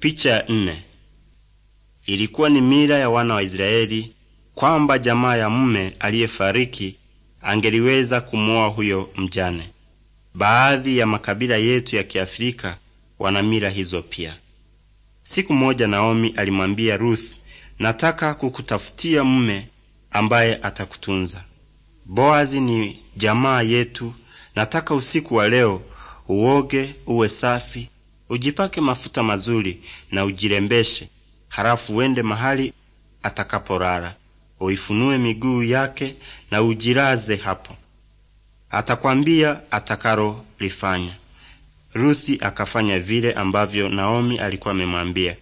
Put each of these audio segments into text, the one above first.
Picha ya nne. Ilikuwa ni mila ya wana wa Israeli kwamba jamaa ya mume aliyefariki angeliweza kumwoa huyo mjane. Baadhi ya makabila yetu ya Kiafrika wana mila hizo pia. Siku moja Naomi alimwambia Ruth, nataka kukutafutia mume ambaye atakutunza. Boazi ni jamaa yetu, nataka usiku wa leo uoge, uwe safi Ujipake mafuta mazuri na ujirembeshe, halafu uende mahali atakapolala, uifunue miguu yake na ujilaze hapo. Atakwambia atakalolifanya. Ruthi akafanya vile ambavyo Naomi alikuwa amemwambia.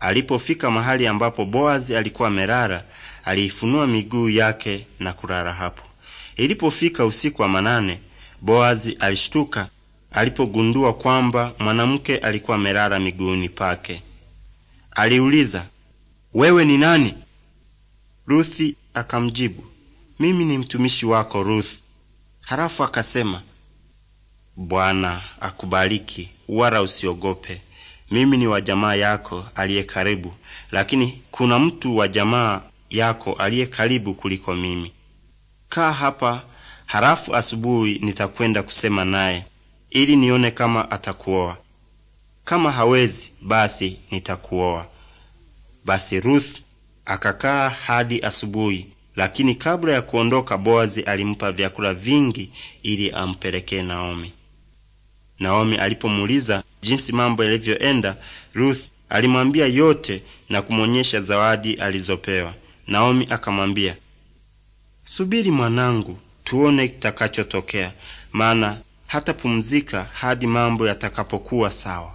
Alipofika mahali ambapo Boazi alikuwa amelala, aliifunua miguu yake na kulala hapo. Ilipofika usiku wa manane, Boazi alishtuka alipogundua kwamba mwanamke alikuwa amelala miguuni pake. Aliuliza, wewe ni nani? Ruthi akamjibu, mimi ni mtumishi wako Ruthi. Halafu akasema, Bwana akubariki, wala usiogope. Mimi ni wa jamaa yako aliye karibu, lakini kuna mtu wa jamaa yako aliye karibu kuliko mimi. Kaa hapa, halafu asubuhi nitakwenda kusema naye, ili nione kama atakuoa. Kama hawezi, basi nitakuoa. Basi Ruth akakaa hadi asubuhi, lakini kabla ya kuondoka, Boazi alimpa vyakula vingi ili ampelekee Naomi. Naomi alipomuuliza jinsi mambo yalivyoenda, Ruth alimwambia yote na kumwonyesha zawadi alizopewa. Naomi akamwambia, subiri mwanangu, tuone kitakachotokea, maana hatapumzika hadi mambo yatakapokuwa sawa.